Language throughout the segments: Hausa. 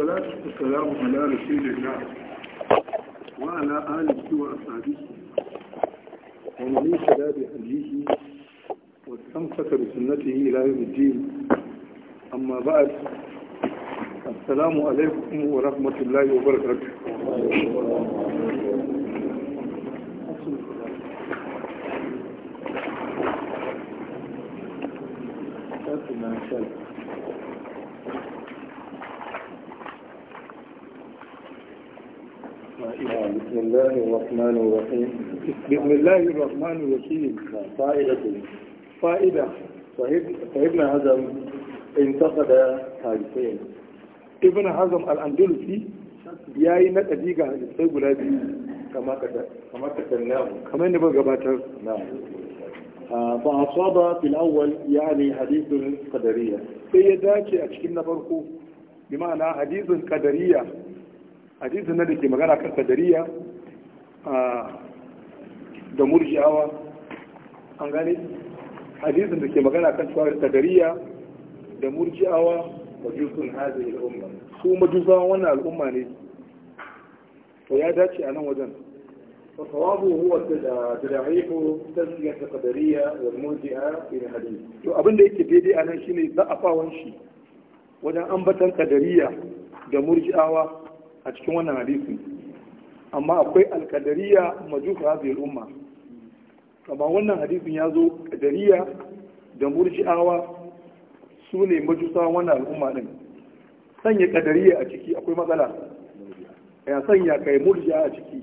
salatu da salamu ala rasulun na wa ala alisi wa asadi wa da halihi wa san saka da yi ilayen rijim amma ba a salamu alaikum wa rahmatullahi wa الرحمن الرحيم بسم الله الرحمن الرحيم فائدة فائدة صاحبنا هزم انتقد حادثين ابن هزم الأندلسي yayi na ɗabi ga hadisai guda biyu kamar ka tannahu kamar yadda ba gabatar fa asaba fil awwal yani hadithul qadariyya sai ya dace a cikin na farko bi ma'ana hadithul qadariyya hadithin na da ke magana kan qadariyya da murji'awa an gane hadisin da ke magana kan cewa tagariya da murji'awa majusun hazin al'umma su majusawan wannan al'umma ne to ya dace a nan wajen da فصوابه هو تضعيف تسمية قدرية والمرجئة في الحديث to abin da yake daidai a nan shine za'afawan shi wajen ambatan kadariya da murji'awa a cikin wannan hadisin amma akwai alkadariya majuka zai umma amma wannan hadisin ya zo kadariya da murji'awa su ne majusa wannan al'umma din sanya kadariya a ciki akwai matsala ya sanya kai murji'a a ciki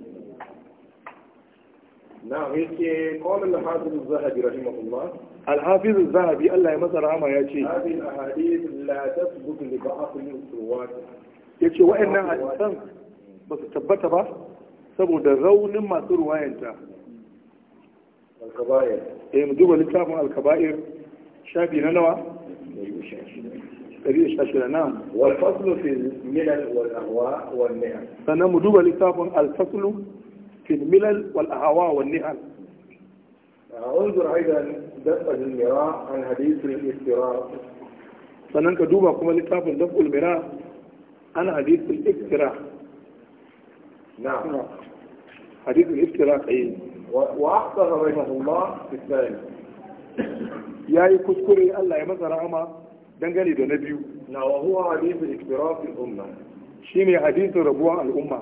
na yake kawalin hafiz zahabi rahimahullah الحافظ الذهبي الله يمسر عما يأتي هذه الأحاديث Ya ce لبعض الرواة nan وإن ba su tabbata ba? saboda raunin masu ruwayanta alkaba'ir eh mu duba littafin alkaba'ir shafi na nawa 116 na wal faslu fi milal wal ahwa wal nihal sannan mu duba littafin al faslu fi milal wal ahwa wal nihal انظر ايضا دفع المراء عن حديث الافتراء sannan ka duba kuma littafin daf'ul mira ana hadisul iftira na'am حديث الافتراق ايه واحسن رحمه الله في الثاني يا يكسكري الله يمسى رحمه dangane da na biyu na wa huwa hadithu iktirafil umma shine hadisin rabuwan al'umma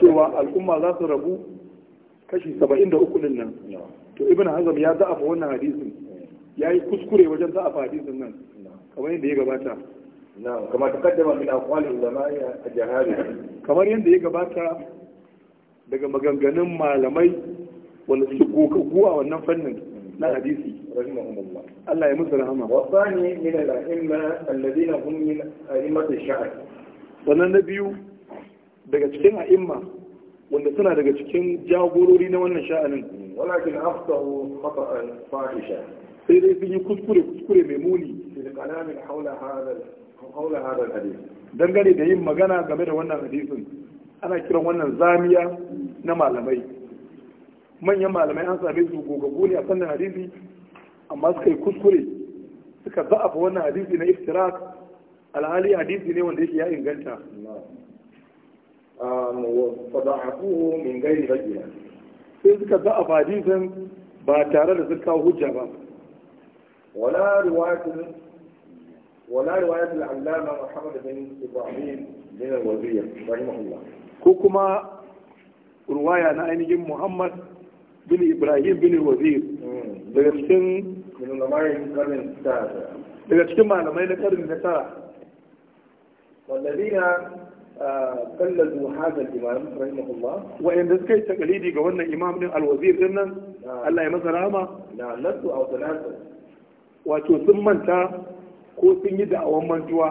cewa al'umma za su rabu kashi 73 din nan to ibn hazm ya za'afa wannan hadisin yayi kuskure wajen za'afa hadisin nan kamar yadda ya gabata na kamar takaddama min aqwali ulama ya jahali kamar yadda ya gabata daga maganganun malamai wanda su guwa wannan fannin na hadisi Allah ya musu rahama wa tsani min al-a'imma alladhina hum min a'immatish sha'r sannan na biyu daga cikin a'imma wanda suna daga cikin jagorori na wannan sha'anin walakin aftahu khata'an fahisha sai dai sun yi kuskure kuskure mai muni da kalamin haula hadal haula hadal hadith dangane da yin magana game da wannan hadisin ana kiran wannan zamiya na malamai manyan malamai an same su gogaggu ne a sannan hadisi amma suka yi kuskure suka za'afa wannan hadisi na iftirak alhali hadisi ne wanda yake ya inganta sai suka za'afa hadisin ba tare da sun kawo hujja ba ولا رواية wala riwayatul allama muhammad bin ibrahim bin al-wazir rahimahullah ko kuma ruwaya na ainihin muhammad bin ibrahim bin wazir daga cikin malamai na karin na tara wallazina ah, kallazu hada imam rahimahullah wa suka yi takalidi ga wannan imam din alwazir din nan Allah ya masa rama na nasu aw wato sun manta ko sun yi da'awan mantuwa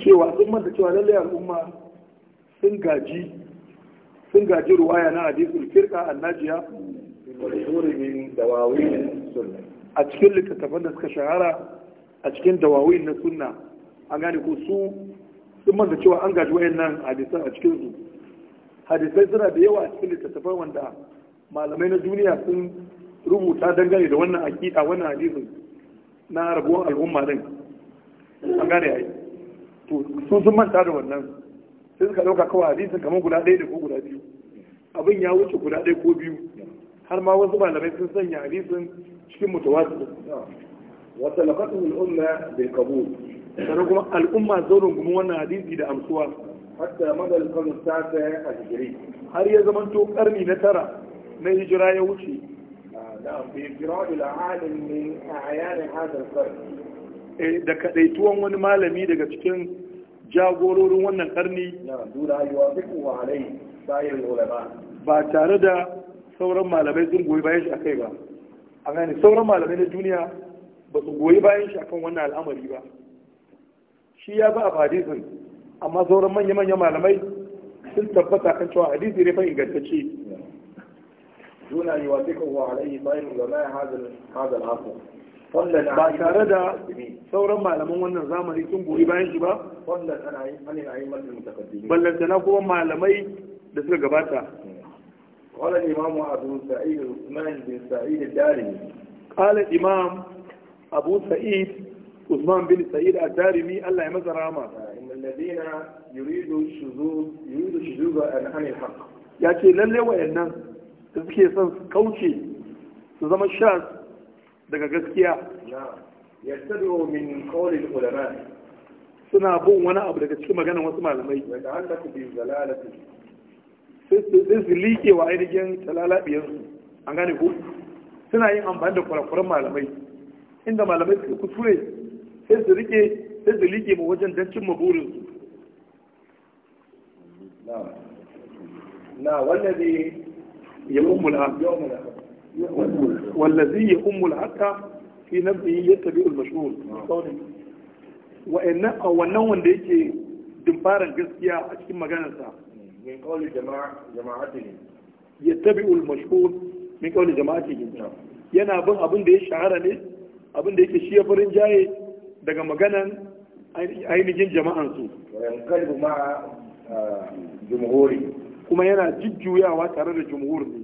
cewa sun manta cewa lalle al'umma sun gaji sun gaji ruwaya na hadisul firqa annajiya a cikin littattafan da suka shahara a cikin dawawin na sunna an gane ko su sun manta cewa an gaji wayannan hadisan a cikin su hadisai suna da yawa a cikin littattafan wanda malamai na duniya sun rubuta dangane da wannan aƙida wannan hadisi na rabuwar al'umma din an gane ai to su sun manta da wannan sai suka ɗauka kawai hadisin kamar guda ɗaya da ko guda biyu abin ya wuce guda ɗaya ko biyu har ma wasu malamai sun sanya hadisin cikin mutawatir talaqatu al-umma bil qabul sannan kuma al'umma zaurin gumin wannan hadisi da amsuwa hatta madal kanu sata a hijri har ya zamanto karni na tara na hijira ya wuce Eh, da kadaituwan wani malami daga cikin jagororin wannan karni ba tare da sauran malamai sun goyi bayan shi a kai ba a gani sauran malamai na duniya ba su goyi bayan shi kan wannan al'amari ba shi ya ba a hadisin amma sauran manya-manya malamai sun tabbata kan cewa hadisi ne fa ingantacce دون أن يوافقه عليه سائر علماء هذا هذا العصر ba tare da sauran malaman wannan zamani sun goyi bayan shi ba ballantana kuma malamai da suka gabata قال الإمام أبو سعيد عثمان بن سعيد الدارمي قال الإمام أبو سعيد عثمان بن سعيد الدارمي الله يمز رحمة إن الذين يريدوا الشذوذ يريدوا الشذوذ عن الحق يا شيخ لن وإنه da suke son su kauce su zama shas daga gaskiya yattabi'u min qawli ulama suna bin wani abu daga cikin maganar wasu malamai sai su liƙe wa ainihin talalabiyarsu an gane ko suna yin amfani da kurakuran malamai inda malamai suka kuskure sai su rike sai su liƙe ma wajen don cin burinsu na wallazi ya ummul haq wallazi ya ummul haqqa fi nafsihi yattabi'u al-mashhur wa'annan wanda yake dimfaran gaskiya a cikin maganarsa min qawli jama'atihi yattabi'u yana bin abin da ya shahara ne abin da yake shi ya farin jaye daga maganar ainihin jama'ansu. Wayan kalbu ma jumhuri kuma yana jujjuyawa tare da jumhur ne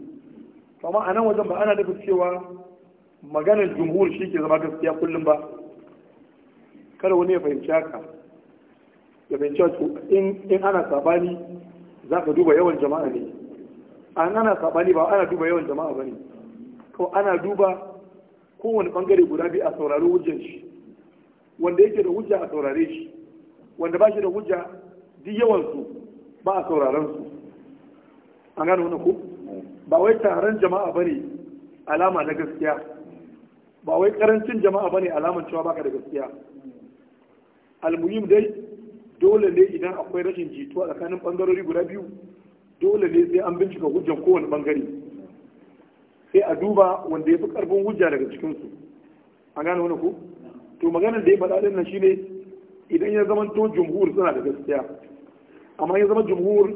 amma a nan wajen ba ana nufin cewa maganar jumhur shi ke zama gaskiya kullum ba kada wani ya fahimci haka ya fahimci wato in ana sabani za ka duba yawan jama'a ne an ana sabani ba ana duba yawan jama'a ba ne kawai ana duba kowane bangare guda biyu a saurari hujjar shi wanda yake da hujja a saurare shi wanda ba shi da hujja duk yawansu ba a sauraron su an gane wani ko ba wai taron jama'a bane alama na gaskiya ba wai karancin jama'a bane alamar cewa baka da gaskiya almuhim dai dole ne idan akwai rashin jituwa tsakanin bangarori guda biyu dole ne sai an bincika hujjan kowane bangare sai a duba wanda ya fi karfin hujja daga cikinsu an gane wani ku to maganar da ya faɗa din nan shine idan ya zama to jumhur suna da gaskiya amma ya zama jumhur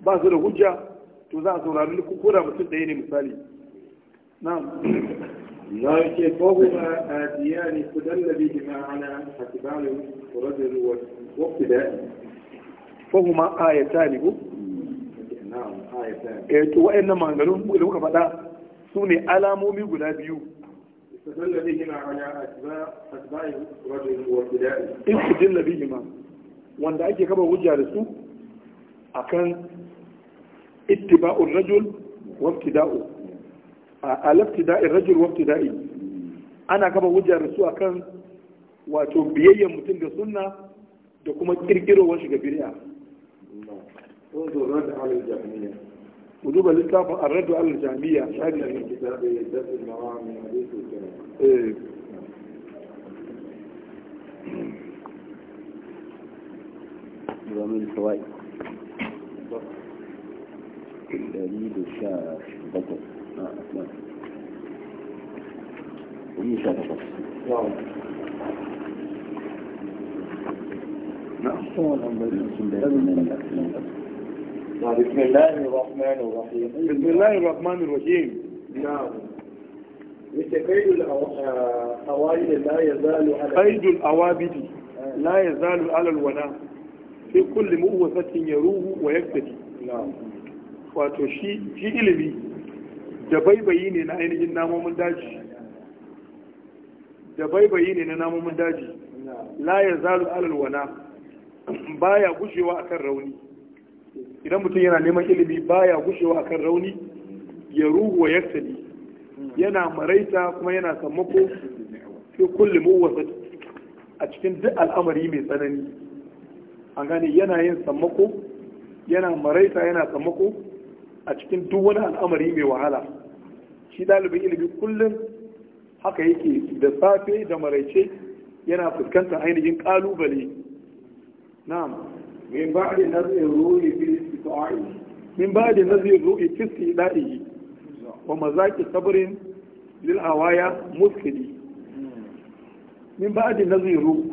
ba su da hujja to za a saurari duk koda mutum da ne misali na'am ya ce ko kuma a diyani ku dallabi ima ala hatibalin rajul wa waqti da ko kuma ayata ne ko na'am ayata eh to wayannan maganganun da kuka faɗa su ne alamomi guda biyu استدل بهما على أتباع أتباع رجل وابتدائه استدل بهما وأن أجي كما وجه رسول akan ittiba'ur rajul wa ibtida'u a laftida'in rajul wa ibtida'i ana kama hujjar su akan wato biyayyen mutum ga sunna da kuma kirkirowar shiga bid'a وجوب الاستعفاء الرد على الجهمية شهادة من كتاب الدفع المرام من حديث الكلام نظام دليل شاف بطل آه إيه نعم ومين شاف بطل نعم بسم الله الرحمن الرحيم بسم الله الرحمن الرحيم نعم قيد الأوابد آه، لا يزال على قيد الأوابد لا يزال على الولاء في كل مؤوثة يروه ويكتدي نعم wato shi ilimi da baibayi ne na ainihin namomin daji da baibayi ne na namomin daji la ya zalu alalwana baya gushewa akan rauni idan mutum yana neman ilimi baya gushewa akan rauni ya ruhu wa yaktali yana maraita kuma yana sammako fi kulli muwasa a cikin duk al'amari mai tsanani an gane yana yin sammako yana maraita yana sammako a cikin duk wani al'amari mai wahala shi dalibin ilimi kullum haka yake da safe da maraice yana fuskantar ainihin ƙalubale na'am min ba da nazarin ruhi fi istiqa'i min ba da nazarin ruhi fi wa mazaki sabrin lil awaya muskili min ba da nazarin ruhi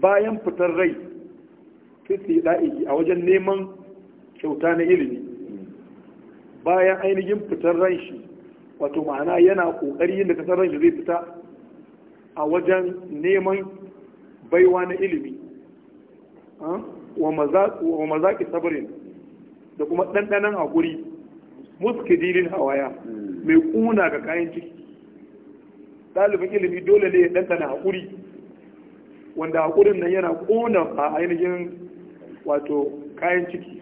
bayan fitar rai fi istiqa'i a wajen neman kyauta na ilimi bayan ainihin fitar ran shi wato ma'ana yana kokari da kasar ran shi zai fita a wajen neman baiwa na ilimi wa mazaƙi sabirin da kuma ɗanɗanan haƙuri dilin hawaya hmm. mai ƙuna ga kayan ciki ɗalibin ilimi dole ne ya ɗanɗana haƙuri wanda haƙurin nan yana ƙuna a ainihin wato kayan ciki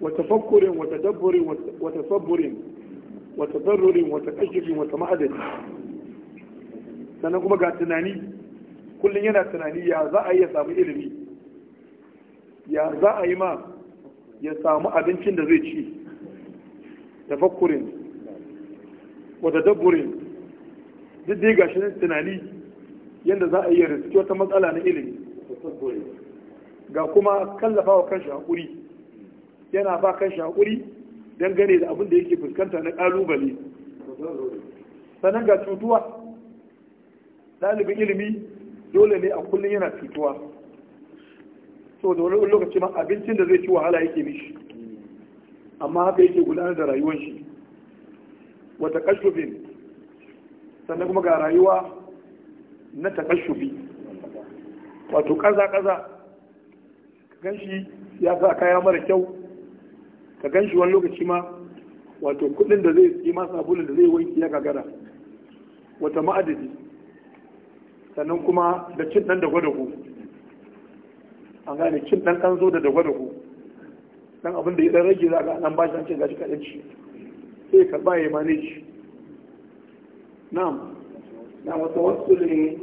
وتفكر وتدبر وتصبر وتضرر وتكشف وتمعدل sannan kuma ga tunani kullum yana tunani ya za a yi ya samu ilimi ya za a yi ma ya samu abincin da zai ci da fakurin wata duk dai ga shirin tunani yadda za a yi riski wata matsala na ilimi ga kuma kallafa wa kanshi haƙuri yana ba kan shakuri dangane da abin da yake fuskanta na ƙalubale. sannan ga cutuwa ɗalibin ilimi dole ne a kullum yana cutuwa so da wani lokaci ma abincin da zai ci wahala yake mishi amma haka yake gudanar da rayuwar shi wata kashufin sannan kuma ga rayuwa na takashufi wato ƙaza kaza ganshi ya sa kaya mara kyau ka gan shi wani lokaci ma wato kuɗin da zai yi ma sabulun da zai wanki ya gagara wata ma'adadi sannan kuma da cin dan da gwada ku an gane cin dan kan zo da dagwada gwada ku dan abin da ya dan rage za ga an ba an ce gashi kaɗan ci sai ya karɓa ya mane shi na'am na wata wasu ne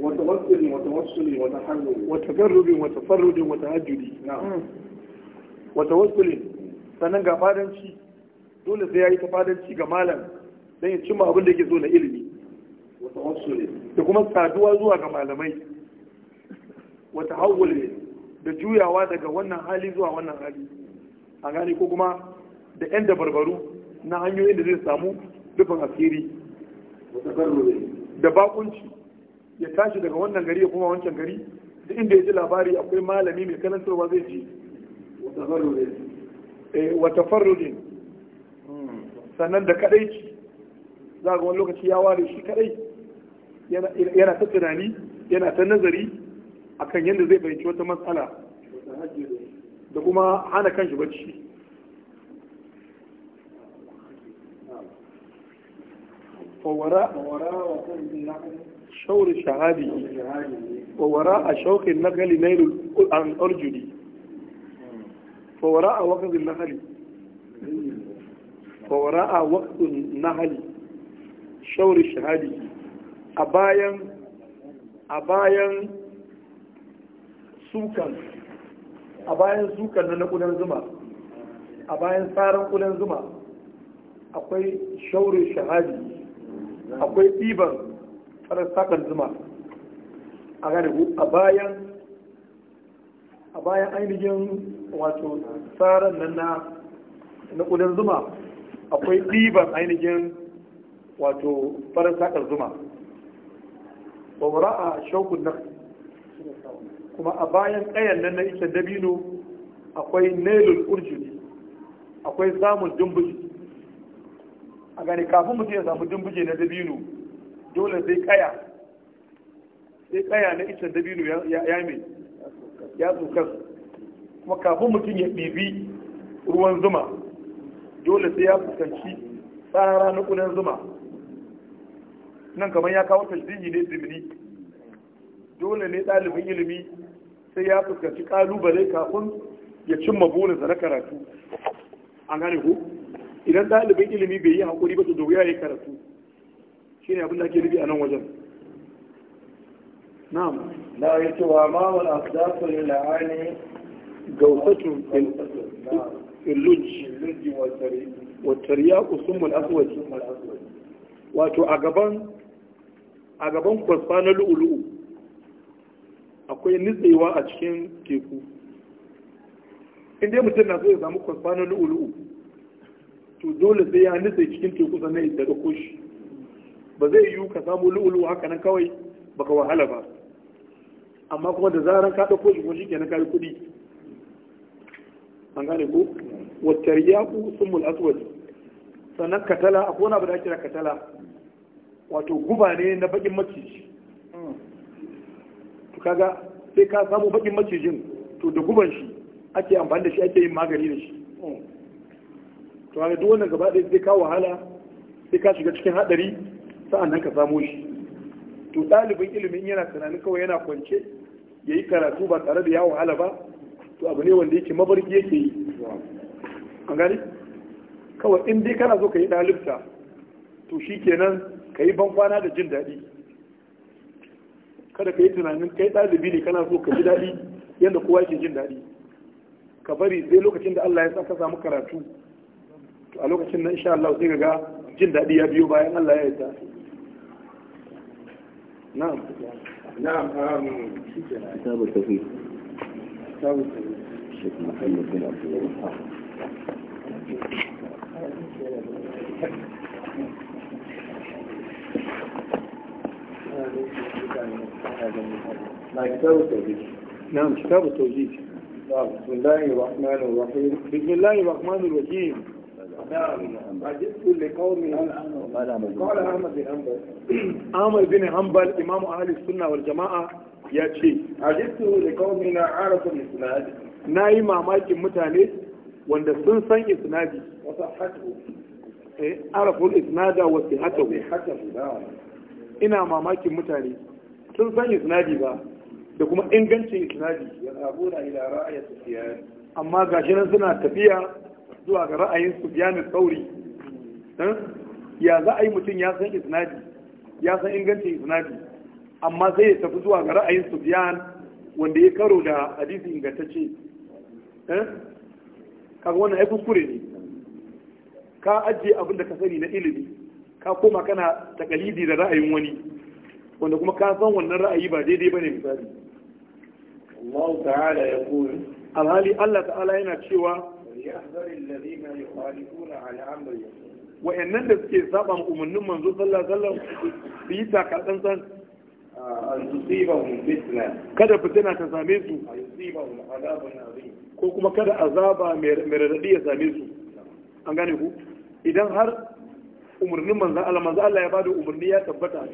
wata wasu ne wata wasu ne wata hannu wata garrubin wata farrubin wata hajjudi na'am wata wasu ne sannan ga fadanci dole sai ya yi ta fadanci ga malam don ya cimma abin da yake zo na ilimi da kuma saduwa zuwa ga malamai wata hawwale da juyawa daga wannan hali zuwa wannan hali a gane ko kuma da 'yan dabarbaru na hanyoyin da zai samu rufin asiri da bakunci ya tashi daga wannan gari ya kuma wancan gari da inda ya ji labari akwai malami mai karantarwa zai ji Eh, wata farrudin sannan da ci za ga wani lokaci ya ware shi kadai yana ta tunani yana ta nazari akan yadda zai fahimci wata matsala da kuma hana kanshi bacci ووراء شور a ووراء شوق النقل نيل الأرجل فوراء وقت النهل فوراء وقت النهل شور الشهادي أبايا أبايا سوكا أبايا سوكا نقول الزمر أبايا سارا نقول الزمر أقوي شور shahadi أقوي إيبا farar sakan zuma a gane a bayan ainihin wato tsarin nan na na ƙudan zuma akwai ɗiban ainihin wato farin saƙar zuma ba wura a shaukun nan kuma a bayan ƙayan nan na ikin dabino akwai nailul urjuni akwai samun dumbuji a gani kafin mutum ya samu dumbuji na dabino dole sai ƙaya sai ƙaya na ikin dabino ya mai ya tsokar kuma kafin mutum ya ɗibi ruwan zuma dole sai ya fuskanci tsara na ƙudan zuma nan kamar ya kawo tajdihi ne zimini dole ne ɗalibin ilimi sai ya fuskanci ƙalubale kafin ya cimma burinsa na karatu an gane ku idan ɗalibin ilimi bai yi haƙuri ba su da wuya ya karatu shi ne abin da ake nufi a nan wajen نعم لا yace wa ma wal asdaqu اللج aani ثم bil luj luj wa tariya wato a gaban akwai a cikin teku inda mutum na so ya samu lu'ulu'u to dole sai ya nitse cikin teku sannan da daga ba zai yiwu ka samu lu'ulu'u haka nan kawai baka wahala ba amma kuma da zaran ka ɗauko shi ko shi kenan kai kuɗi an gane ko wa yaƙu sumul aswad sannan katala a kona ba da kira katala wato guba ne na baƙin maciji to kaga sai ka samu baƙin macijin to da guban shi ake amfani da shi ake yin magani da shi to kaga duk wannan gaba ɗaya sai ka wahala sai ka shiga cikin haɗari sa'an nan ka samo shi to ɗalibin ilimin yana tunanin kawai yana kwance ya yi karatu ba tare da ya wahala ba to abu ne wanda yake mabarki yake yi an gani kawai in dai kana so ka yi dalibta to shi kenan ka yi bankwana da jin daɗi kada ka yi tunanin kai ɗalibi ne kana so ka ji daɗi yadda kowa yake jin daɗi ka bari sai lokacin da Allah ya sa ka samu karatu a lokacin nan insha Allah sai ga jin daɗi ya biyo bayan Allah ya yarda نعم نعم كتاب التوحيد كتاب التوحيد الشيخ محمد بن عبد الوهاب نعم، كتاب التوحيد نعم كتاب التوحيد نعم، بسم الله الرحمن الرحيم بسم الله الرحمن الرحيم Ahmad bin Hanbal imamu ahli sunna wal jama'a ya ce ajibtu liqaumin arafu Na yi mamakin mutane wanda sun san isnadi wa sahhatu eh arafu isnada wa sihhatu ina mamakin mutane sun san isnadi ba da kuma ingancin isnadi amma gashi suna tafiya zuwa ga ra'ayin Sufyan Tsauri eh? ya za a yi mutum ya san isnadi ya san ingancin isnadi amma sai ya tafi zuwa ga ra'ayin Sufyan wanda ya karo da hadisi ingantacce eh? kaga wannan ai kuskure ne ka ajiye abin da ka sani na ilimi ka koma kana takalidi da ra'ayin wani wanda kuma ka san wannan ra'ayi ba daidai bane misali Allah ta'ala ya alhali Allah ta'ala yana cewa ليحذر الذين يخالفون عن امره wa'annan da suke saba umarnin manzo sallallahu alaihi wasallam su yi أن تصيبهم fitina كذا same su أن يصيبهم عذاب عظيم كما كذا ya مرددية su an gane ku idan har umarnin manzan Allah manzan Allah ya ba da umarni ya tabbata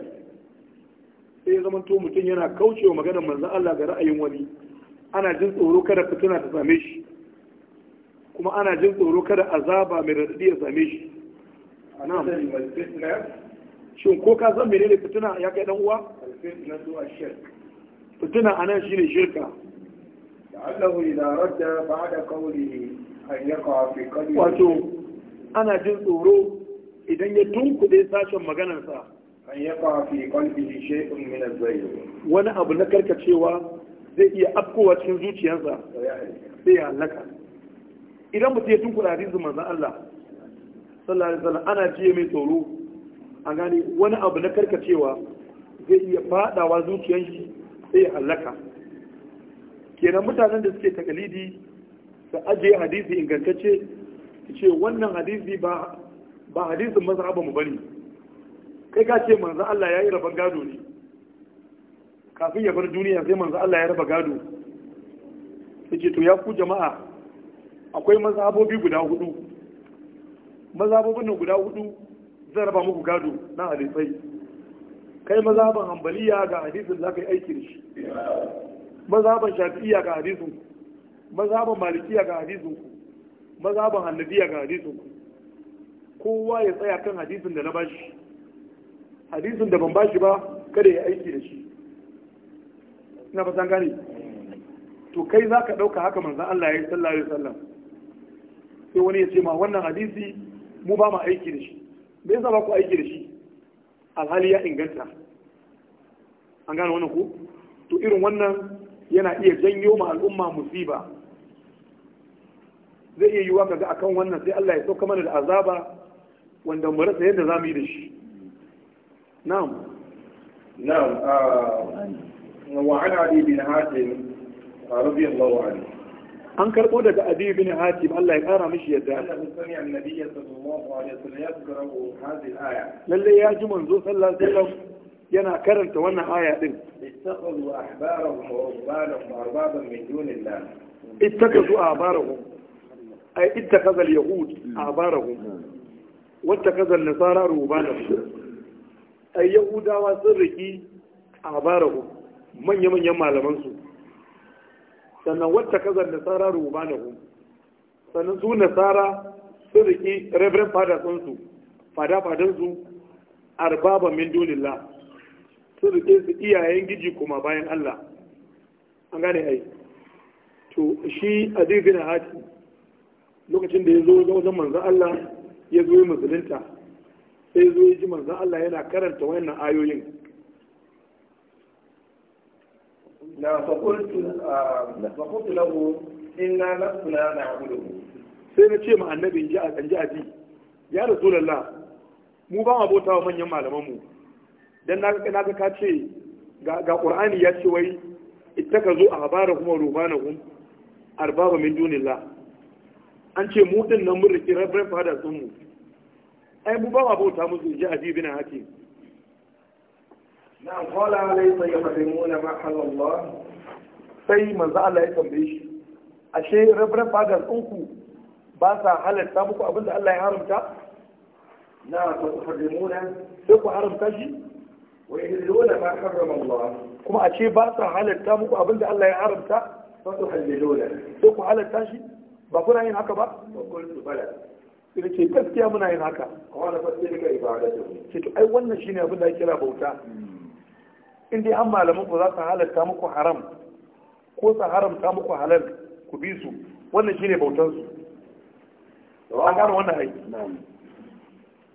sai ya zama to mutum yana kaucewa maganar manzan Allah ga ra'ayin wani ana jin tsoro kada fitina ta same shi kuma ana jin tsoro kada azaba mai radadi ya same shi shin ko ka san menene fitina ya kai dan uwa fitina anan shine shirka wato ana jin tsoro idan ya tunkuɗe sashen maganarsa an yaqa fi qalbihi shay'un min az wani abu na karkacewa zai iya afkowa cikin zuciyarsa sai ya halaka idan mutum ya tunkula hadisin manzan Allah sallallahu alaihi ana jiye mai tsoro a gane wani abu na karkacewa zai iya fadawa zuciyar shi sai ya halaka kenan mutanen da suke takalidi su ajiye hadisi ingantacce su ce wannan hadisi ba ba hadisin mazhaba mu bane kai ka ce manzan Allah ya yi rabon gado ne kafin ya bar duniya sai manzan Allah ya raba gado su to ya ku jama'a akwai mazhabobi guda hudu mazhabobin nan guda hudu zan raba muku gado na hadisai kai mazhaban hanbaliya ga hadisin za ka yi aiki da shi mazhaban shafi'iya ga hadisin ku mazhaban malikiya ga hadisin ku mazhaban hannabiya ga hadisin ku kowa ya tsaya kan hadisin da na bashi hadisin da ban bashi ba kada ya aiki da shi ina fatan gane to kai za ka ɗauka haka manzan Allah ya yi sallallahu alaihi wasallam sai wani ya ce ma wannan hadisi mu ba mu aiki da shi me yasa ba ku aiki da shi alhali ya inganta an gane wannan ku to irin wannan yana iya janyo ma al'umma musiba zai iya yiwuwa kaga akan wannan sai Allah ya sauka mana da azaba wanda mu rasa yadda zamu yi da shi na'am na'am ah, wa an ali bin hatim radiyallahu anhu an karbo daga abi bin hatim Allah ya kara mishi yadda lalle ya ji manzo sallallahu alaihi wasallam yana karanta wannan aya din ittakhadhu ahbarahum wa rubbanahum arbaban min dunillah ittakhadhu ahbarahum ay ittakhadha al-yahud ahbarahum wa ittakhadha an-nasara rubbanahum ay yahudawa sun riki ahbarahum manya-manyan malaman su sannan wacce kazar nasara ruba da hu sannan su nasara sun riki reverend fada su, fada fadansu arbaba min dunillah sun rike su iyayen giji kuma bayan Allah an gane ai to shi aziz bin hati lokacin da ya zo wajen manzan Allah ya zo musulunta sai zo ya ji manzan Allah yana karanta wayannan ayoyin na fakultu ah, inna na abudu sai na ce ma annabi in ji a ji ya mu ba ma bauta wa manyan malaman mu dan na ga naga ka ce ga qur'ani ya ce wai ittakazu ahbarahum wa rubanahum arbaba min dunillah an ce mu din nan mun riki rabban fada sun mu ai mu ba ma bauta musu ji abi bin hakim na kola alaisa ya fahimuna mahallallah sai manzo Allah ya tambaye shi ashe rabran bagan ɗinku ba sa halatta muku abin da Allah ya haramta na ta fahimuna sai ku haramta shi wa yahilluna ma harrama Allah kuma ashe ba sa halatta muku abin da Allah ya haramta fa tuhalliluna sai ku halatta shi ba kuna yin haka ba ba kullu bala Ina ce gaskiya muna yin haka kawai na fasirka ibadatu ce to ai wannan shine abin da ya kira bauta hmm. in dai an malaman ku za su halatta muku haram ko su haramta muku halal ku bi su wannan shine bautan su an gano wannan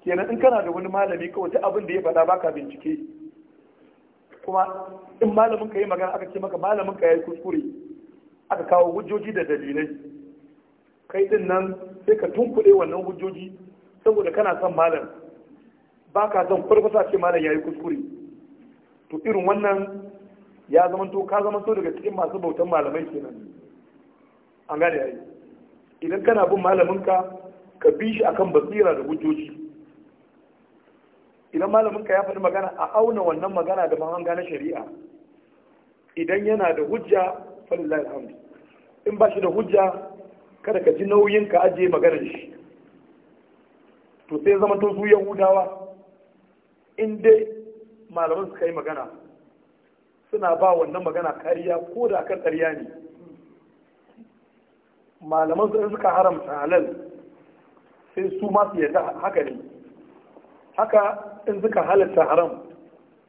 kenan in kana da wani malami kawai duk abin da ya faɗa baka bincike kuma in malamin ka yi magana aka ce maka malamin ka yi kuskure aka kawo hujjoji da dalilai kai din nan sai ka tunkuɗe wannan hujjoji saboda kana son malam baka son farfasa ce malam ya yi kuskure to irin wannan ya to ka to daga cikin masu bautan malamai kenan an gane yayi idan kana bin malaminka ka bi shi akan basira da hujjoji idan malaminka ya faɗi magana a auna wannan magana da mahanga na shari'a idan yana da hujja falillahi alhamdu in ba shi da hujja kada ka ji nauyin ka ajiye maganar shi to sai zama to su yahudawa in dai malaman suka yi magana suna ba wannan magana kariya ko da aka kariya ne malaman su suka haramta halal sai su ma su yadda haka ne haka in suka halatta haram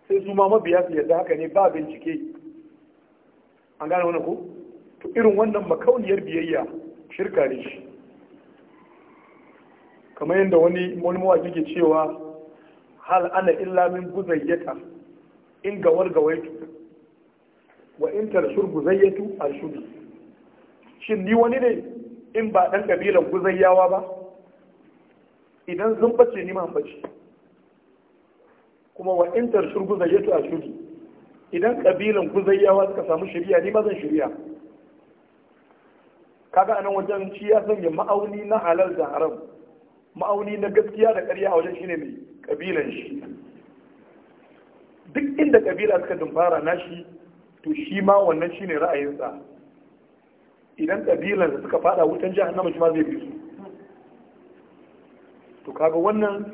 sai su ma mabiya su yadda haka ne ba bincike an gane wani ku to irin wannan makauniyar biyayya shirka ne shi kamar yadda wani wani mawaki ke cewa hal ana illa min guzayyata in gawar gawaitu wa in tarshur guzayyatu arshubi shin ni wani ne in ba dan kabilan guzayyawa ba idan zan bace ni ma bace kuma wa in tarshur guzayyatu arshubi idan kabilan guzayyawa suka samu shari'a ni ma zan shari'a kaga anan wajen shi ya sanya ma'auni na halal da haram ma'auni na gaskiya da ƙarya a wajen shine mai kabilan shi duk inda kabila suka dumfara nashi to shi ma wannan shine ra'ayinsa idan kabilan da suka fada wutan jahannama shi ma zai bi su to kaga wannan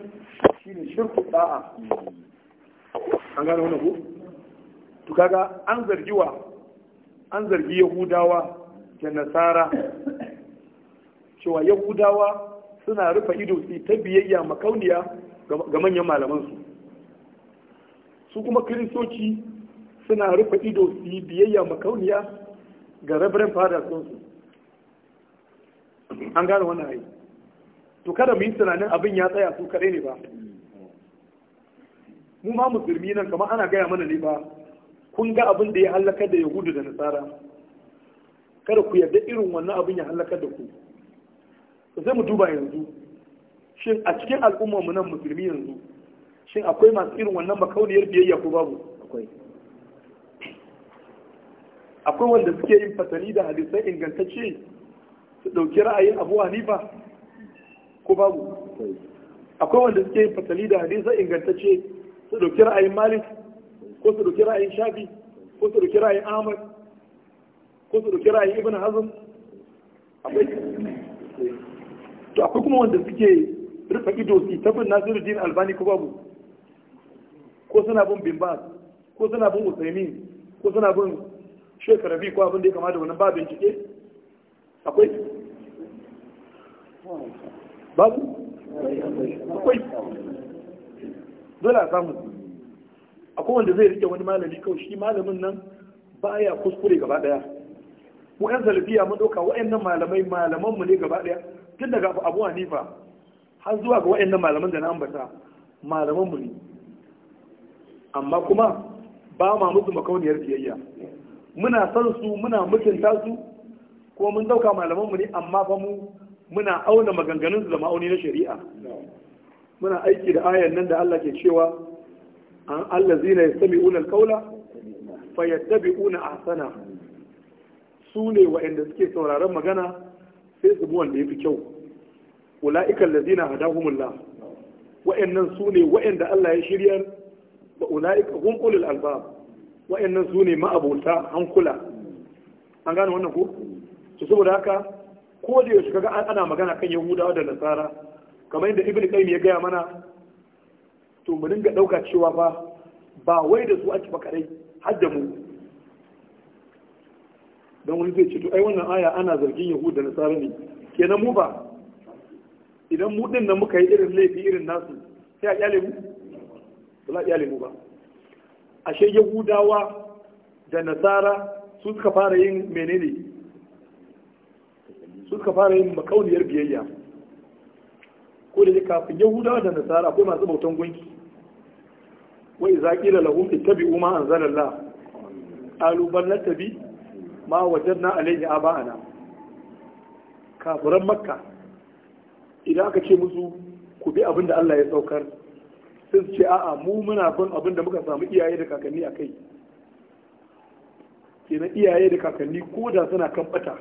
shine shirku da'a an gane wannan ko to kaga an zargiwa, an zargi yahudawa da nasara cewa yahudawa suna rufe ido su ta biyayya makauniya ga manyan malamansu su kuma kiristoci suna rufe ido su yi biyayya makauniya ga rabren fada sunsu an gane wannan hayi to kada mu yi tunanin abin ya tsaya su kaɗai ne ba mu ma musulmi nan kamar ana gaya mana ne ba kun ga abin da ya hallaka da yahudu da nasara kada ku yarda irin wannan abin ya hallaka da ku sai mu duba yanzu shin a cikin al'ummar mu nan musulmi yanzu shin akwai masu irin wannan makauniyar biyayya ko babu akwai akwai wanda suke yin fatali da hadisai ingantacce su ɗauki ra'ayin abu hanifa ko babu akwai wanda suke yin fatali da hadisai ingantacce su ɗauki ra'ayin malik ko su ɗauki ra'ayin shafi ko su ɗauki ra'ayin ahmad ko su ɗauki ra'ayin ibn hazm akwai to akwai kuma wanda suke rufe ido su ta bin nasiruddin albani ko babu ko suna bin bin ko suna bin Usaini, ko suna bin shekara bi ko abin da ya kama da wannan ba bincike akwai babu akwai dole a samu akwai wanda zai rike wani malami kawai shi malamin nan baya kuskure gaba daya mu yan salafiya mun dauka wa'annan malamai malaman mu ne gaba daya tun daga abu nifa. har zuwa ga waɗannan malaman da na ambata malaman mu ne amma kuma ba ma musu makauniyar biyayya muna san su muna mutunta su ko mun dauka malaman mu ne amma fa mu muna auna maganganun su da ma'auni na shari'a muna aiki da ayan nan da Allah ke cewa an allazina yastami'una alqawla a sana. su ne wa'anda suke sauraron magana sai su bi wanda yafi kyau ula'ikan lazina hadahumullah wa'annan su ne wa'anda Allah ya shirya ba ula'ika hum ulul albab wa'annan su ne ma'abota hankula an gane wannan ko to saboda haka ko da yaushe kaga ana magana kan yahudawa da nasara kamar yadda ibnu qayyim ya gaya mana to mu dinga dauka cewa fa ba wai da su ake ba kadai har da mu don wani zai ce to ai wannan aya ana zargin yahudu da nasara ne kenan mu ba idan mu din nan muka yi irin laifi irin nasu sai a kyale mu ba za a kyale mu ba ashe yahudawa da nasara su suka fara yin menene su suka fara yin makauniyar biyayya ko da kafin yahudawa da nasara ko masu bautan gunki wai za kila lahum ittabi'u ma anzalallah qalu bal natabi ma wajadna alayhi aba'ana kafiran makka idan aka ce musu ku bi abin da Allah ya saukar sun ce a'a mu muna bin abin da muka samu iyaye da kakanni a kai na iyaye da kakanni ko da suna kan bata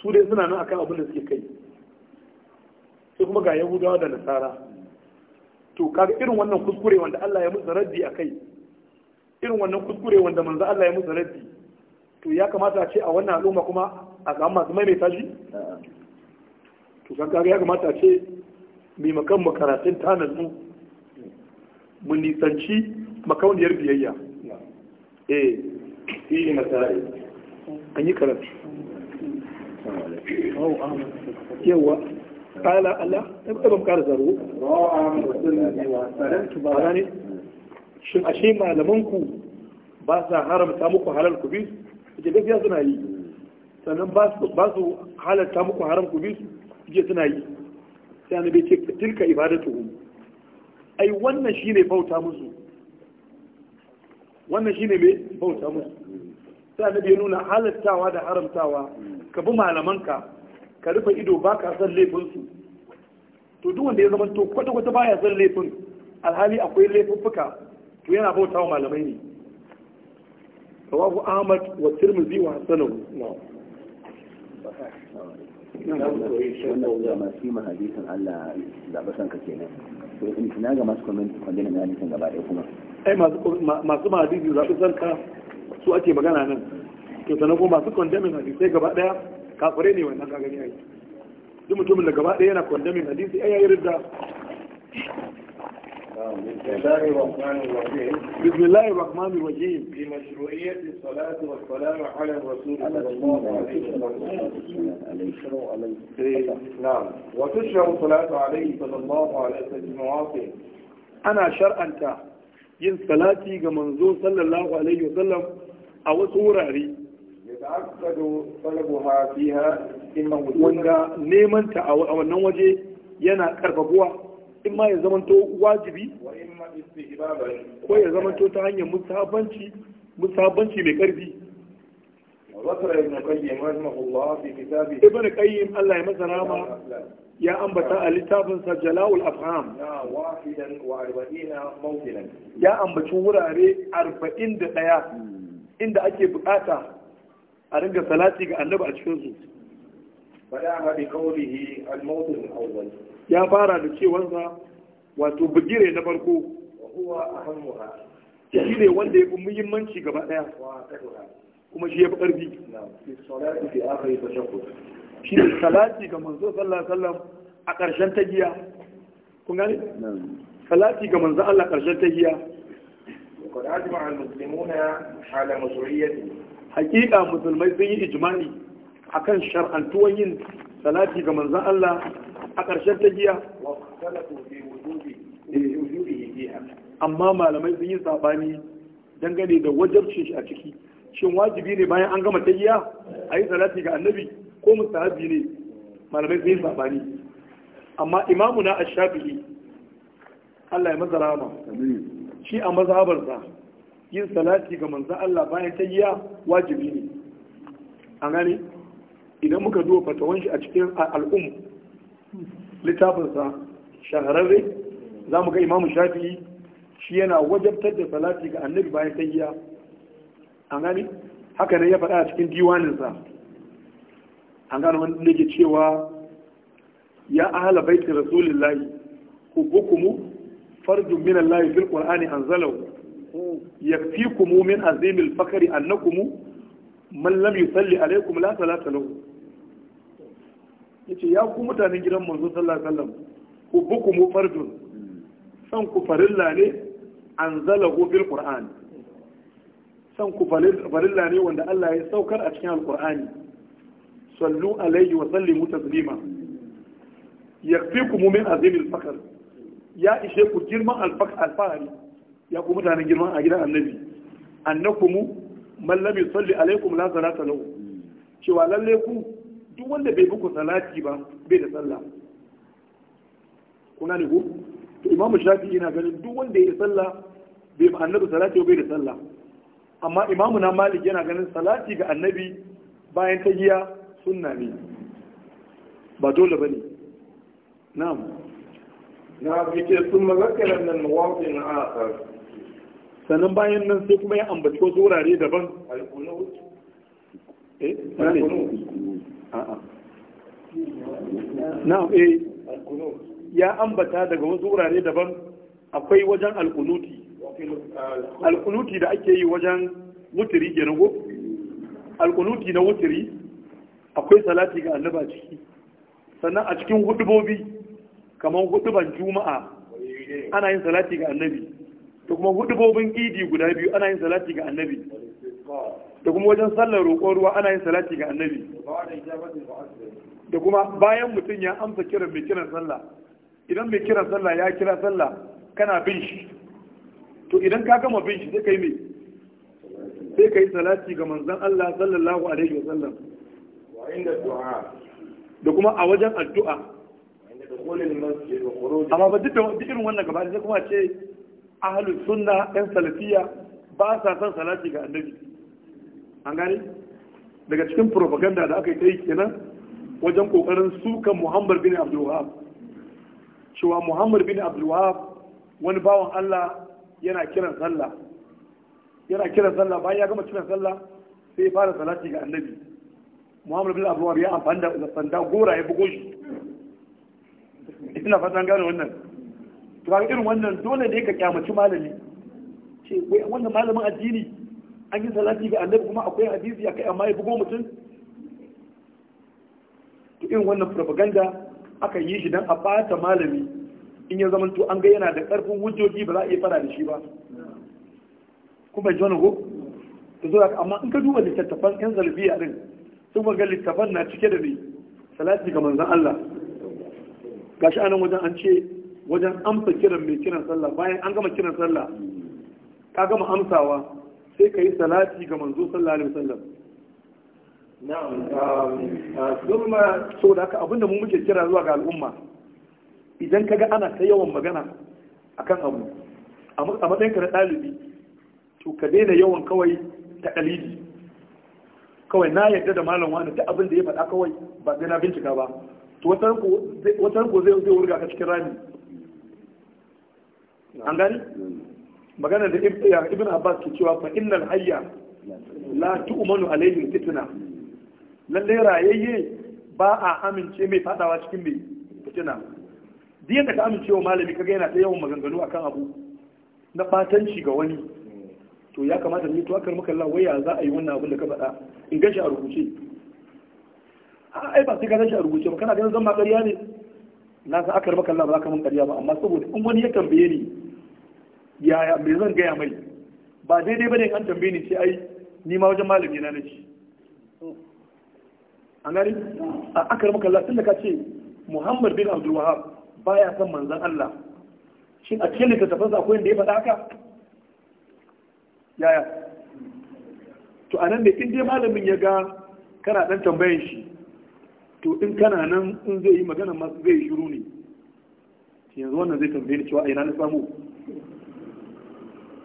su dai suna nan akan abin da suke kai sai kuma ga yahudawa da nasara to kaga irin wannan kuskure wanda Allah ya musu raddi a kai irin wannan kuskure wanda manzo Allah ya musu raddi to ya kamata a ce a wannan al'umma kuma a ga masu maimaita shi to kare ya kamata ce mai makan makaratun tanar mu mu nisanci makauniyar biyayya eh fi masai an yi karatu yawa kala Allah ɗan ɗan ƙara zaro ba ne shin ashe malamanku ba sa haramta muku halal ku bi su ita gaskiya suna yi sannan ba su halarta muku haramku ku bi su jiya suna yi sai annabi ce tilka ibadatuhum ai wannan shine bauta musu wannan shine me bauta musu sai annabi ya nuna halattawa da haramtawa ka bi malamanka ka rufe ido ba ka san laifinsu to duk wanda ya zama to kwata-kwata baya san laifin alhali akwai laifuffuka to yana bauta wa malamai ne rawahu ahmad wa tirmidhi wa hasanahu wannan masu yin Allah ga masu na kuma masu zaɓi san ka su ake magana nan to sannan kuma masu kwandamin hadisai gaba ɗaya kafure ne wannan ka gani ai duk mutumin da gaba ɗaya yana kwandamin hadisi ya yi ridda بسم الله الرحمن الرحيم بمشروعية الصلاة والسلام على الرسول صلى الله عليه وسلم نعم وتشرع الصلاة عليه صلى الله عليه وسلم أنا شرعا أنت ين صلاتي كمنظور صلى الله عليه وسلم أو صورة لي يتعقد طلبها فيها إما وجودها نيمان تأوى أو النوجة ينا كرببوها in ma ya zamanto wajibi ko ya zamanto ta hanyar musabanci musabanci mai karfi ibn qayyim Allah ya masa rama ya ambata a littafin sa jalawul afham ya ambaci wurare 41 inda ake bukata a ringa salati ga annabi a cikin su fa ya fara da cewansa wato bugire na farko shi ne wanda ya fi muhimmanci gaba daya kuma shi ya fi ƙarfi shi ne salati ga manzo sallallahu alaihi a ƙarshen tagiya kun gane salati ga manzo Allah ƙarshen tagiya qad ajma al muslimuna ala musulmai sun yi ijma'i akan shar'antuwan yin salati ga manzo Allah a ƙarshen ta giya amma malamai sun yi saɓani dangane da wajen shi a ciki shin wajibi ne bayan an gama ta giya a yi salati ga annabi ko mustahabi ne malamai sun yi saɓani amma imamu na ashafi'i Allah ya maza rama shi a mazhabarsa yin salati ga manzan Allah bayan ta giya wajibi ne a gane idan muka duba fatawan shi a cikin al'umma littafinsa shahararre za mu ga imamu Shafi shi yana wajabtar da salati ga annabi bayan tayyiya an gani haka ne ya faɗa a cikin diwaninsa an gano wanda yake cewa ya ahala baiti rasulillahi hubbukumu farjun min Allah fil qur'ani anzalahu yakfikum min azimil fakri annakum man lam yusalli alaykum la salata lahu ce ya ku mutanen gidan manzo sallallahu alaihi wasallam ku buku mu fardun san ku farilla ne anzalahu bil qur'an san ku farilla ne wanda Allah ya saukar a cikin alqur'ani sallu alaihi wa sallimu taslima yakfikum min azim al ya ishe ku girman alfahari ya ku mutanen girman a gidan annabi annakum man lam yusalli alaikum la salata lahu cewa lalle ku duk wanda bai muku salati ba bai da sallah kuna ne ko to imamu shafi'i na ganin duk wanda ya sallah bai ba annabi salati bai da sallah amma imamu na malik yana ganin salati ga annabi bayan ta giya sunna ne ba dole bane na'am na fice sun mazakarar nan wafin akar sannan bayan nan sai kuma ya ambaci wasu wurare daban alkunu eh na'am eh ya ambata daga wasu wurare daban akwai wajen alkunuti alkunuti da ake yi wajen wutiri kenan ko alkunuti na wutiri akwai salati ga annaba ciki sannan a cikin hudubobi kamar huduban juma'a ana yin salati ga annabi da kuma hudubobin idi guda biyu ana yin salati ga annabi da kuma wajen sallar roƙon ruwa ana yin salati ga annabi da kuma bayan mutum ya amsa kiran mai kiran sallah idan mai kiran sallah ya kira sallah kana bin shi to idan ka gama bin shi sai kai mai sai kai salati ga manzon Allah sallallahu alaihi wasallam da kuma a wajen addu'a amma ba duk da irin wannan gaba sai kuma ce ahlus sunna ɗan salafiya ba sa son salati ga annabi an gane daga cikin propaganda da aka yi ta yi kenan wajen kokarin sukan muhammad bin abdulwahab cewa muhammad bin abdulwahab wani bawan allah yana kiran sallah yana kiran sallah bayan ya gama kiran sallah sai ya fara salati ga annabi muhammad bin abdulwahab ya amfani da sanda gora ya bugo shi ina fatan gane wannan to irin wannan dole ne ka kyamaci malami ce wannan malamin addini an yi salati ga annabi kuma akwai hadisi a kai amma ya bugo mutum to irin wannan propaganda aka yi shi dan a bata malami in ya zama to an ga yana da karfin hujjoji ba za a iya fara da shi ba kuma ji wani ko to zo amma in ka duba littattafan yan zalbiya din sun ga littattafan na cike da mai salati ga manzon Allah gashi anan wajen an ce wajen amsa kiran mai kiran sallah bayan an gama kiran sallah ka gama amsawa sai ka yi salati ga manzo sallallahu alaihi wasallam na'am so da haka abinda mu muke kira zuwa ga al'umma idan kaga ana ta yawan magana akan abu a matsayin ka na ɗalibi to ka daina yawan kawai ta ɗalibi kawai na yadda da malam wani ta abin da ya faɗa kawai ba sai na bincika ba to wata ranko zai wurga ka cikin rami an gani magana da ibn abbas ke cewa fa innal hayya la tu'manu alayhi fitna lalle rayayye ba a amince mai fadawa cikin mai fitna duk yadda ka amincewa malami kaga yana ta yawan maganganu akan abu na batanci ga wani to ya kamata ne to akar maka Allah waya za a yi wannan abin da ka faɗa in gashi a rubuce ai ba sai ka gashi a rubuce ba kana ganin zan ma ƙarya ne na san akar maka Allah ba za ka mun ƙarya ba amma saboda in wani ya tambaye ni yaya mai zan gaya mai ba daidai ba ne an tambaye ni ce ai ni ma wajen malami na nake an gani a akar maka Allah tun da ka ce Muhammad bin Abdul Wahab baya son manzon Allah shin a cikin littattafan sa akwai inda ya faɗa haka yaya to anan ne in dai malamin ya ga kana dan tambayan shi to in kana nan in zai yi magana ma zai shiru ne yanzu wannan zai tambaye ni cewa a ina na samu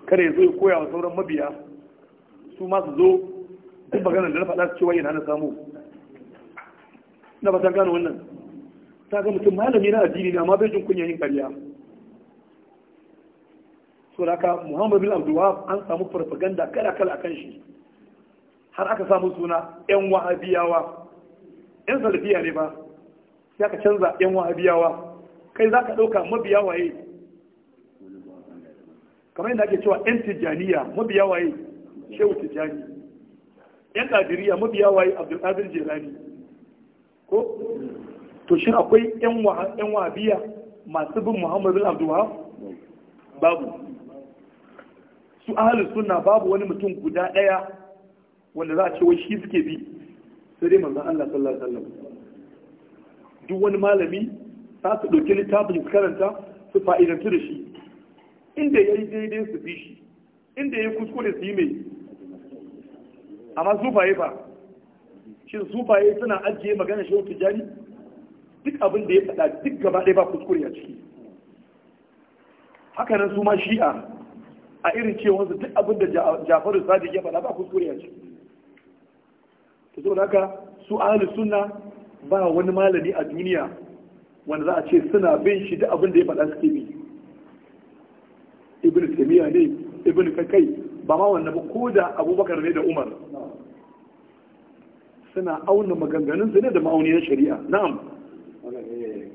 kare ya zo ya koya wa sauran mabiya su ma su zo duk magana da na faɗa su cewa yana na samu na ba ta wannan ta ga mutum malami na addini amma bai jin kunya yin ƙarya so da muhammadu bin abdullahab an samu farfaganda kala kala kan shi har aka samu suna yan wahabiyawa yan salafiya ne ba sai aka canza yan wahabiyawa kai za ka ɗauka mabiya waye kamar yadda ake cewa yan tijjaniya mabiya waye shehu tijjani yan ɗadiriya mabiya waye abdulkadir jelani ko to shi akwai yan wahabiya masu bin muhammad bin abdulwahab babu su ahalin sunna babu wani mutum guda ɗaya wanda za a ce wai shi suke bi sai dai manzon Allah sallallahu alaihi wasallam duk wani malami za su ɗauki littafin karanta su fa'idantu da shi inda ya yi daidai su bi shi inda ya yi kuskure su yi mai amma zufaye ba shin zufaye suna ajiye magana shi wata jari duk abin da ya faɗa duk gaba ɗaya ba kuskure a ciki haka nan su ma shi'a a irin cewansu duk abin da jafaru sadiq ya faɗa ba kuskure a ciki ta zo naka su ahli suna ba wani malami a duniya wanda za a ce suna bin shi duk abin da ya faɗa suke bi ibn tamiya ne ibn kakai ba ma wannan ba ko da abubakar ne da umar suna auna maganganun su ne da ma'auniyar shari'a na'am eh,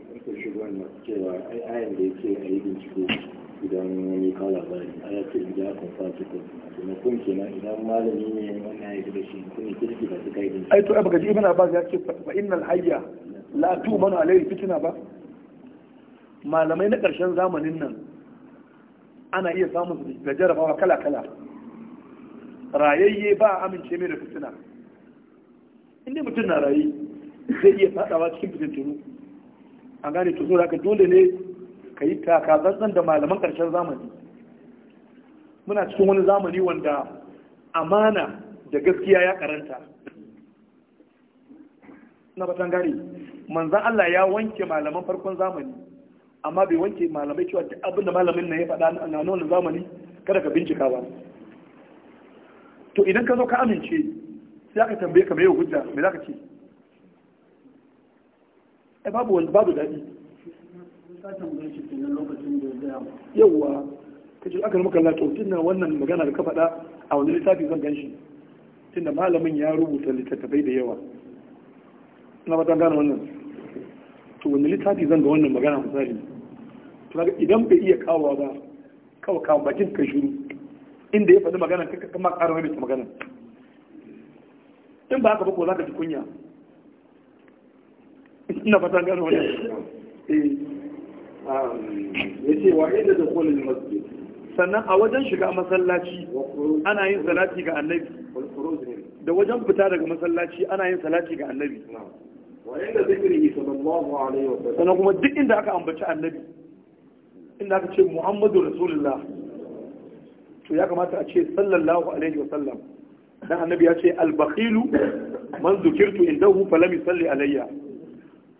cewa ai ayan da a yi bincike idan wani kawo labari a yake da ya kumfa cikin taimakon kenan idan malami ne wannan ya gida shi kuma kirki ba su kai bincike ai to ai baka ji ibn abbas ya ce fa innal hayya la tumanu alayhi fitna ba malamai na karshen zamanin nan ana iya samun da jarabawa kala-kala rayayye ba a amince mai da fitina inda mutum na raye zai iya fadawa cikin fitintunu an gane to zo ka dole ne ka yi takazantsan da malaman karshen zamani muna cikin wani zamani wanda amana da gaskiya ya karanta na batan gane manzan Allah ya wanke malaman farkon zamani amma bai wanke malamai cewa duk abin da malamin nan ya faɗa na wannan zamani kada ka bincika ba to idan ka zo ka amince sai aka tambaye ka mai hujja me za ka ce ai babu wanda babu daɗi yawwa ka ce aka muka lato tunda wannan magana da ka faɗa a wani littafi zan gan shi tunda malamin ya rubuta littattafai da yawa na ba ta gane wannan to wani littafi zan ga wannan magana misali idan bai iya kawo ba kawo kawo bakin ka shuru inda ya faɗi magana kaka kama ƙara ta magana in ba haka ba ko za ka ji kunya ina fata gano wani eh. um, ya ce wa inda da kolin masjid sannan a wajen shiga masallaci ana yin salati ga annabi da wajen fita daga masallaci ana yin salati ga annabi sannan kuma duk inda aka ambaci annabi inda aka ce muhammadu rasulullah to ya kamata a ce sallallahu alaihi wa sallam dan annabi ya ce albakhilu man zukirtu indahu falam yusalli alayya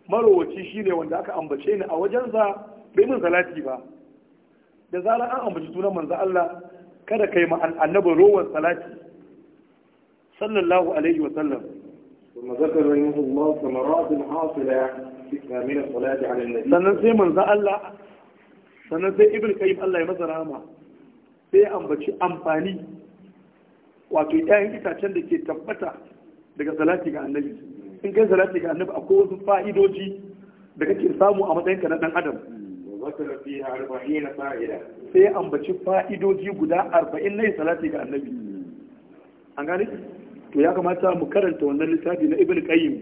marowaci shine wanda aka ambace ni a wajensa bai min salati ba da zarar an ambaci sunan manzo Allah kada kai ma annabi rowan salati sallallahu alaihi wa sallam ثم ذكر رحمه الله ثمرات حاصلة من الصلاة على النبي. سننسي من ذا sannan sai ibn qayyim Allah ya masa rahama sai ya ambaci amfani wato ƴaƴan itacen da ke tabbata daga salati ga annabi in kai salati ga annabi akwai wasu fa'idoji da kake samu a matsayin ka na dan adam sai ya ambaci fa'idoji guda arba'in na salati ga annabi an gane to ya kamata mu karanta wannan littafi na ibn qayyim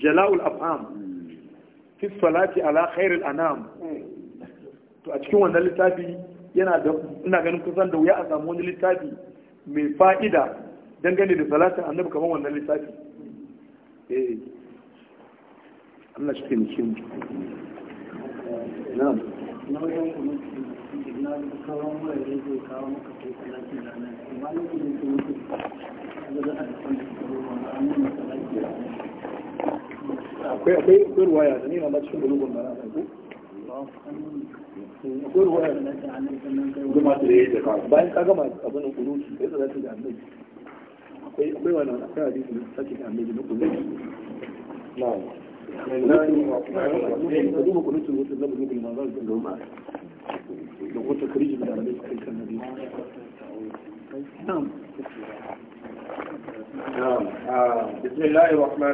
jala'ul afham fi salati ala khairil anam to a cikin wannan littafi yana da ina ganin kusan da wuya a samu wani littafi mai fa'ida dangane da salatin annabi kamar wannan littafi eh Allah shi ne shin na'am akwai akwai ruwaya da nina ma cikin bulugun da na بسم الله الرحمن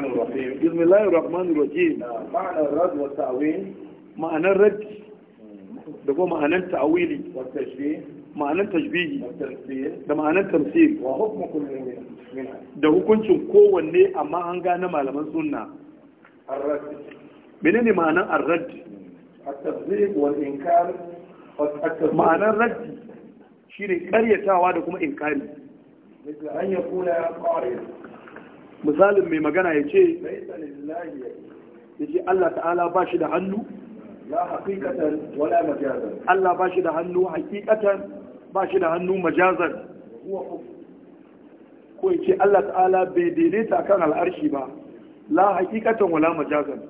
الرحيم بسم الله الرحمن الرحيم معنى الرد والتعوين معنى الرد da kuma ma'anan ta'awili ma'anan tashbihi da ma'anan tamsil da hukuncin kowanne amma an gane malaman sunna menene ma'anan arrad ma'anan raddi shine karyatawa da kuma inkari misalin mai magana ya ce ya ce Allah ta'ala ba shi da hannu la Allah ba shi da hannu haqiqatan ba shi da hannu majazan ko yace Allah ta'ala bai daidaita a akan al'arshi ba la haqiqatan wala majazan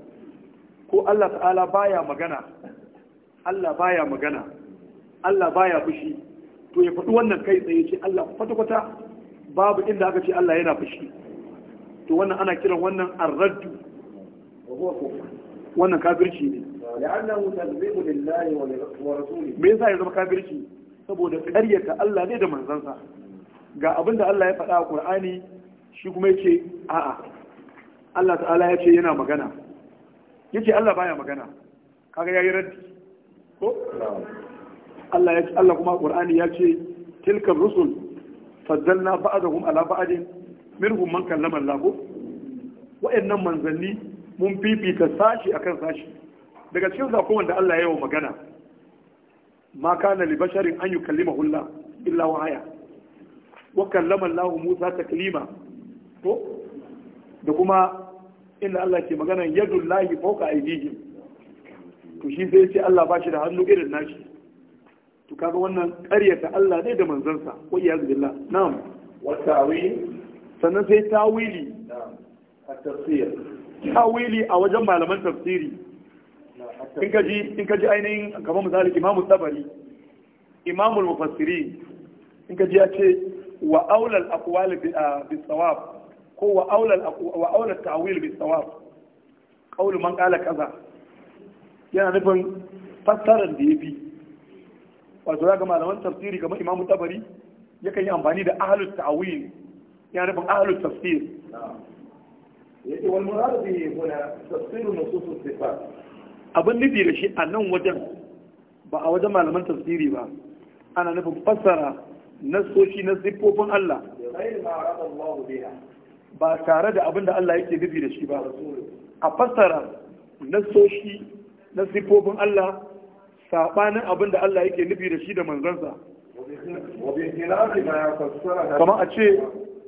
ko Allah ta'ala ba ya magana Allah ba ya magana Allah ba ya fushi to ya faɗi wannan kai tsaye ce Allah kwata-kwata babu inda aka ce Allah yana fushi to wannan ana kiran wannan arraddu wannan kafirci ne لأنه تكذيب لله ورسوله me yasa ya zama saboda karyata Allah ne da manzansa ga abin da Allah ya faɗa a ƙur'ani shi kuma ya ce a'a Allah ta'ala ya ce yana magana Ya ce Allah baya magana kaga yi raddi ko Allah ya ce Allah kuma ƙur'ani ya ce tilkan rusul da kuma ala ba'adin, min man kallama Allah ko wa'annan manzanni mun fifita sashi akan sashi daga cikin sako da Allah ya yi magana ma kana li basharin an yukallima hulla illa wahaya wa kallama Allah Musa taklima to da kuma inda Allah ke magana yadullahi fawqa aydihim to shi sai ce Allah ba shi da hannu irin nashi to kaga wannan ƙaryata Allah ne da manzansa wa iyyazu billah na'am wa sannan sai tawili na'am at-tafsir tawili a wajen malaman tafsiri in ka ji ainihin kamar misali imamu sabari imamu mafasiri in ka ji ya ce wa aulal akwali bi ah, ko wa aulal wa aulal ta'wil bi qaul man qala kaza yana nufin fassarar da yafi wato zaka malaman tafsiri kamar imamu tabari yakan yi amfani da ahalus ta'wil yana nufin ahalus tafsir والمراد murad bi huna tafsir nusus abin nufi da shi a nan wajen ba a wajen malaman tafsiri ba ana nufin fassara soshi na siffofin Allah ba tare da abin da Allah yake nufi da shi ba a fassara soshi na siffofin Allah saɓanin abin da Allah yake nufi da shi da manzansa kama a ce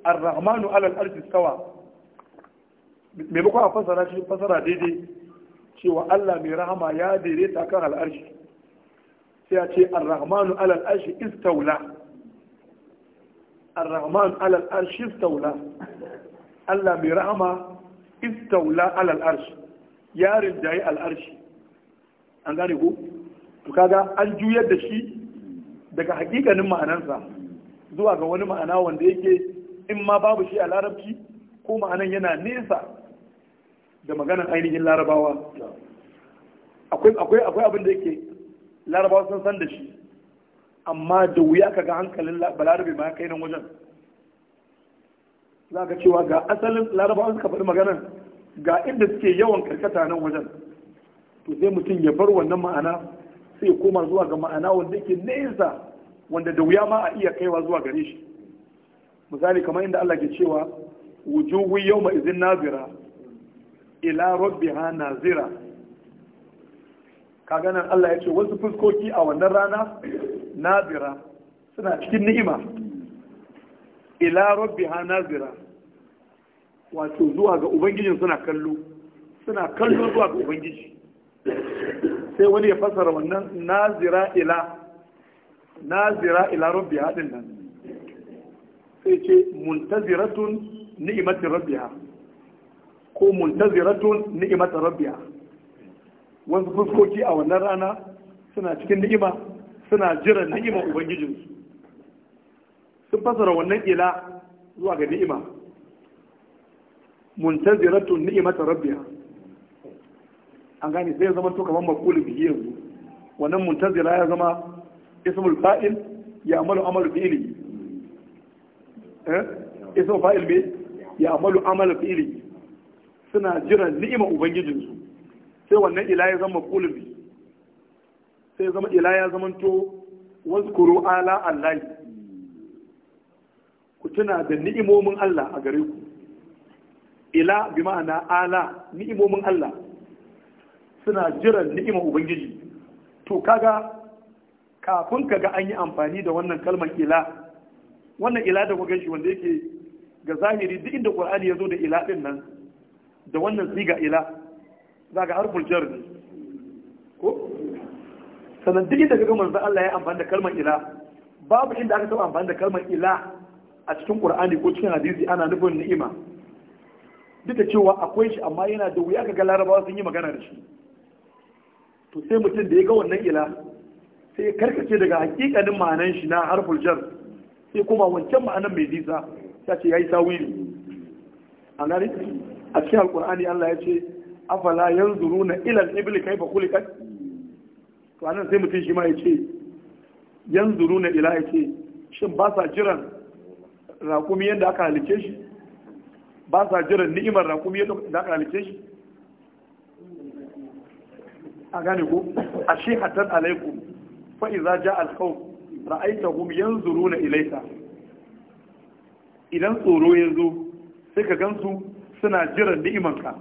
ar-rahmanu alal arshi tsawa maimakon a fassara shi fassara daidai cewa Allah mai rahama ya daidaita kan al'arshi sai ya ce al rahmanu ala al'arshi istaula al rahmanu ala al'arshi istaula Allah mai rahama istaula ala al'arshi ya rinjayi al'arshi an gane ko to kaga an juyar da shi daga hakikanin ma'anansa zuwa ga wani ma'ana wanda yake in ma babu shi a larabci ko ma'anan yana nesa da maganar ainihin larabawa akwai akwai abin da yake larabawa sun san da shi amma da wuya ka ga hankalin balarabe ma kai nan wajen za ka cewa ga asalin larabawa suka faɗi magana ga inda suke yawan karkata nan wajen to sai mutum ya bar wannan ma'ana sai ya koma zuwa ga ma'ana wanda yake nesa wanda da wuya ma a iya kaiwa zuwa gare shi misali kamar inda Allah ke cewa wujuhu yawma izin nazira ila ha nazira kaga nan Allah ya ce wasu fuskoki a wannan rana nazira suna cikin ni'ima ila ha nazira wato zuwa ga ubangijin suna kallo suna kallo zuwa ga ubangiji sai wani ya fasara wannan nazira ila nazira ila rabbiha din nan sai ce muntaziratun ni'imatin rabbiha ko muntaziratun ni'imat rabbiya wasu fuskoki a wannan rana suna cikin ni'ima suna jiran ni'ima ubangijinsu sun fasara wannan ila zuwa ga ni'ima muntaziratun ni'imat rabbiya an gane sai zama to kamar makul bihi yanzu wannan muntazira ya zama ismul fa'il ya amalu amalu fi'ili eh ismul fa'il bi ya amalu amalu fi'ili suna jiran ni'ima ubangijinsu sai wannan ila ya zama kulubi sai zama ila ya zama to wazkuru ala allahi ku tuna da ni'imomin Allah a gare ku ila bi ma'ana ala ni'imomin Allah suna jiran ni'imar ubangiji to kaga kafin kaga an yi amfani da wannan kalmar ila wannan ila da kuka shi wanda yake ga zahiri duk inda qur'ani ya zo da ila din nan da wannan siga ila za ga harfin jar ne ko sannan duk inda kaga manzo Allah ya amfani da kalmar ila babu inda aka taba amfani da kalmar ila a cikin Ƙur'ani ko cikin hadisi ana nufin ni'ima duk da cewa akwai shi amma yana da wuya ga larabawa sun yi magana da shi to sai mutum da ya ga wannan ila sai ya karkace daga hakikanin ma'anan shi na harful jar sai kuma wancan ma'anan mai nisa ya ce yayi tawili an gane a cikin alkur'ani Allah ya ce afala yanzuruna ila al-ibli kayfa khuliqat to anan sai mutum shi ma ya ce na ila ya ce shin ba sa jiran raƙumi yadda aka halice shi ba sa jiran ni'imar raƙumi yadda aka halice shi a gane ko a shi hatan alaikum fa iza ja alkhawf ra'aytahum yanzuruna ilayka idan tsoro ya zo sai ka gansu suna jiran ni'imanka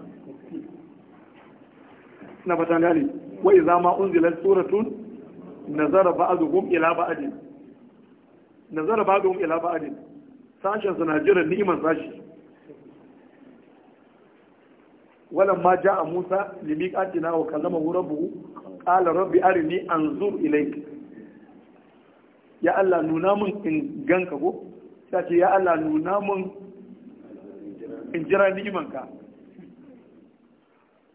na fata gane wa iza ma unzilat suratun nazara ba'dhum ila ba'din nazara ba'dhum ila ba'din sashen suna jiran ni'iman sashi Wannan ma ja'a Musa limiqatina wa kallama rabbuhu qala rabbi arini anzur ilayk ya Allah nuna mun in ganka ko sai ya Allah nuna mun in jira ni'imanka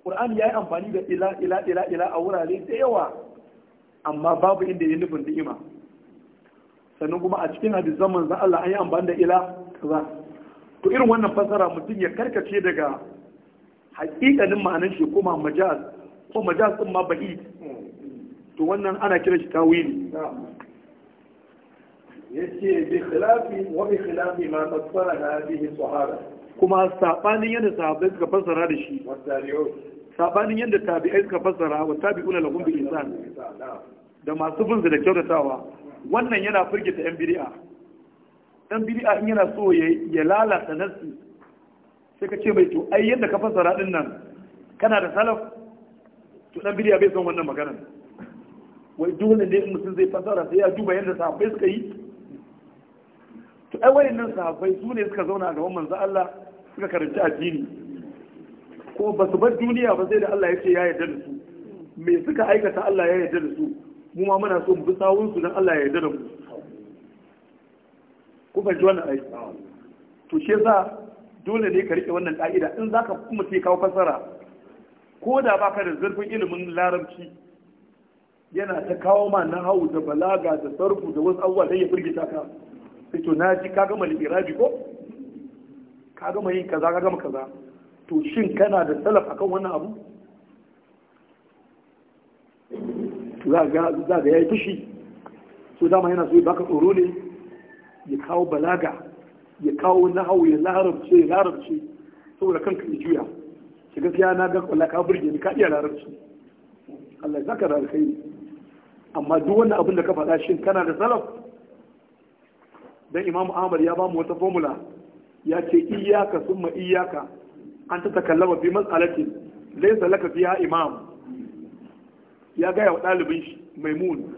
Qur'ani ya yi amfani da ila ila ila ila a wurare da yawa amma babu inda ya nufin ni'ima sannan kuma a cikin zaman za Allah an yi amfani da ila kaza to irin wannan fasara mutum ya karkace daga hakikanin ma'anar shi kuma majaz ko majaz din ma ba'i to wannan ana kira shi tawili yace bi khilafi wa bi khilafi ma fassara hadhihi sahaba kuma sabanin yadda sahabbai suka fassara da shi sabanin yadda tabi'ai suka fassara wa tabi'una lahum bi ihsan da masu bin da kyautatawa wannan yana firgita yan bid'a dan bid'a in yana so ya lalata nasi sai ka ce mai to ai yadda ka fassara din nan kana da salaf to dan bid'a bai san wannan magana wai dole ne in mutum zai fassara sai ya duba yadda sahabbai suka yi to ai wayannan sahabbai su ne suka zauna gaban manzo Allah suka karanci addini ko ba su bar duniya ba sai da Allah ya ce ya yarda da su me suka aikata Allah ya yarda da su mu ma muna so mu bi sawun su dan Allah ya yarda da mu ku fahimci wannan ai to shi yasa dole ne ka rike wannan ka'ida in zaka kuma sai kawo fasara ko da baka da zurfin ilimin larabci yana ta kawo ma na hau da balaga da sarku da wasu abubuwa sai ya firgita ka sai to na ji ka gama lirabi ko ka gama yin kaza ka gama kaza to shin kana da salaf akan wannan abu za ga ya yi fushi so dama yana so ya baka tsoro ne ya kawo balaga ya kawo nahawu ya larabce ya larabce saboda kanka ya juya shi gaskiya na ga kwallon ka burge ni ka iya larabci Allah ya saka da alkhairi amma duk wannan abin da ka faɗa shin kana da salaf dan Imam Ahmad ya ba mu wata formula ya ce iyaka summa iyaka an ta takallama bi mas'alati laysa laka ya imam ya gaya wa ɗalibin shi maimun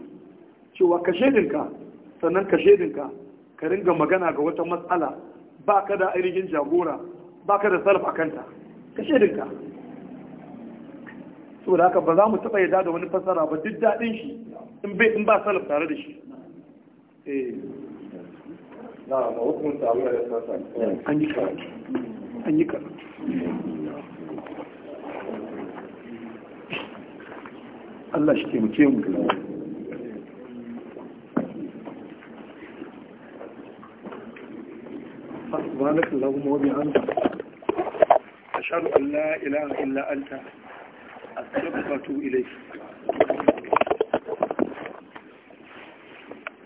cewa ka shedinka sannan ka shedinka ka ringa magana ga wata matsala ba ka da ainihin jagora ba ka da salaf a kanta ka shedinka da haka ba za mu taɓa yada da wani fasara ba duk daɗin shi in ba salaf tare da shi eh. نعم وحكم التعويل على الإسلام أن يكرر أن يكرر Allah shi taimake mu سبحانك اللهم وبحمدك أشهد أن لا إله إلا أنت أستغفرك إليك